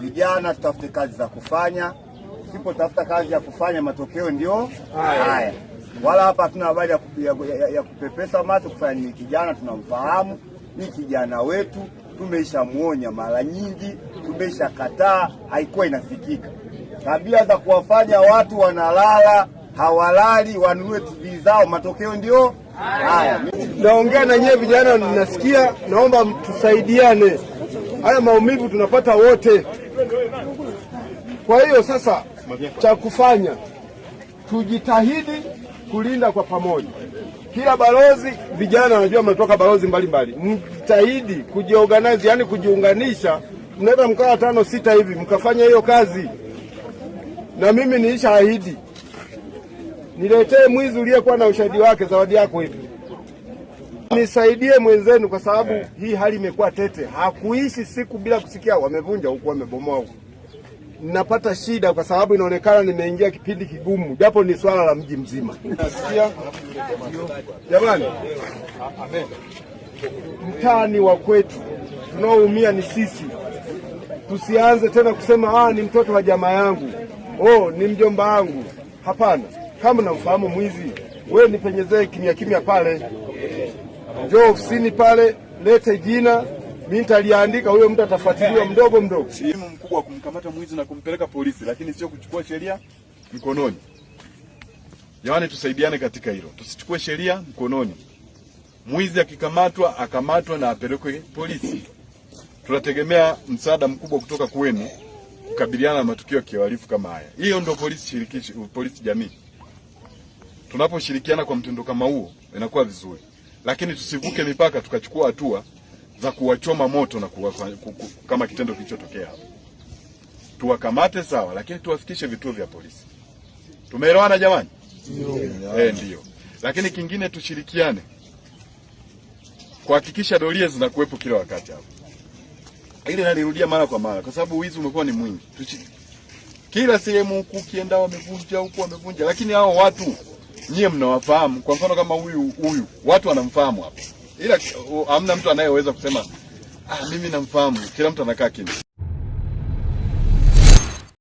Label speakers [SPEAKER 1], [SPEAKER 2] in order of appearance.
[SPEAKER 1] vijana tutafute kazi za kufanya. Tusipotafuta kazi ya kufanya, matokeo ndio haya. Wala hapa hatuna habari ya, ya, ya, ya kupepesa macho kufanya nini. Kijana tunamfahamu, ni kijana wetu, tumeshamwonya mara nyingi, tumesha kataa, haikuwa inafikika. Tabia za kuwafanya watu wanalala hawalali wanunue TV zao, matokeo ndio
[SPEAKER 2] haya.
[SPEAKER 3] Naongea na nyewe vijana, ninasikia, naomba tusaidiane haya maumivu tunapata wote. Kwa hiyo sasa, cha kufanya tujitahidi kulinda kwa pamoja. Kila balozi, vijana wanajua mnatoka balozi mbalimbali, mjitahidi kujiorganize, yani kujiunganisha. Mnaweza mkawa tano sita hivi mkafanya hiyo kazi, na mimi niisha ahidi, niletee mwizi uliyekuwa na ushahidi wake, zawadi yako hivi nisaidie mwenzenu, kwa sababu hii hali imekuwa tete. Hakuishi siku bila kusikia wamevunja huku, wamebomoa huku ninapata shida kwa sababu inaonekana nimeingia kipindi kigumu, japo ni swala la mji mzima. Nasikia jamani, mtani wa kwetu tunaoumia ni sisi. Tusianze tena kusema ah, ni mtoto wa jamaa yangu, oh, ni mjomba wangu. Hapana, kama namfahamu mwizi, we nipenyezee kimya kimya pale, njoo ofisini pale, lete jina mimi nitaliandika, huyo mtu atafuatiliwa mdogo mdogo. Simu mkubwa kumkamata mwizi na kumpeleka polisi, lakini sio kuchukua sheria mkononi. Yaani tusaidiane katika hilo, tusichukue sheria mkononi. Mwizi akikamatwa akamatwa na apelekwe polisi. Tunategemea msaada mkubwa kutoka kwenu kukabiliana na matukio ya kihalifu kama haya. Hiyo ndio polisi shirikishi, uh, polisi jamii. Tunaposhirikiana kwa mtindo kama huo inakuwa vizuri, lakini tusivuke mipaka tukachukua hatua za kuwachoma moto na kuwafanya, kama kitendo kilichotokea hapo. tuwakamate sawa, lakini tuwafikishe vituo vya polisi. Tumeelewana jamani?
[SPEAKER 4] Ndio.
[SPEAKER 3] Eh, ndio. Lakini kingine tushirikiane kuhakikisha doria zinakuwepo kila wakati hapo. Ili nalirudia mara kwa mara kwa sababu wizi umekuwa ni mwingi. Tuchi... Kila sehemu huku ukienda wamevunja huku wamevunja, lakini hao watu nyie mnawafahamu. Kwa mfano kama huyu huyu, watu wanamfahamu hapa ila hamna mtu anayeweza kusema ah, mimi namfahamu. Kila mtu anakaa kimya.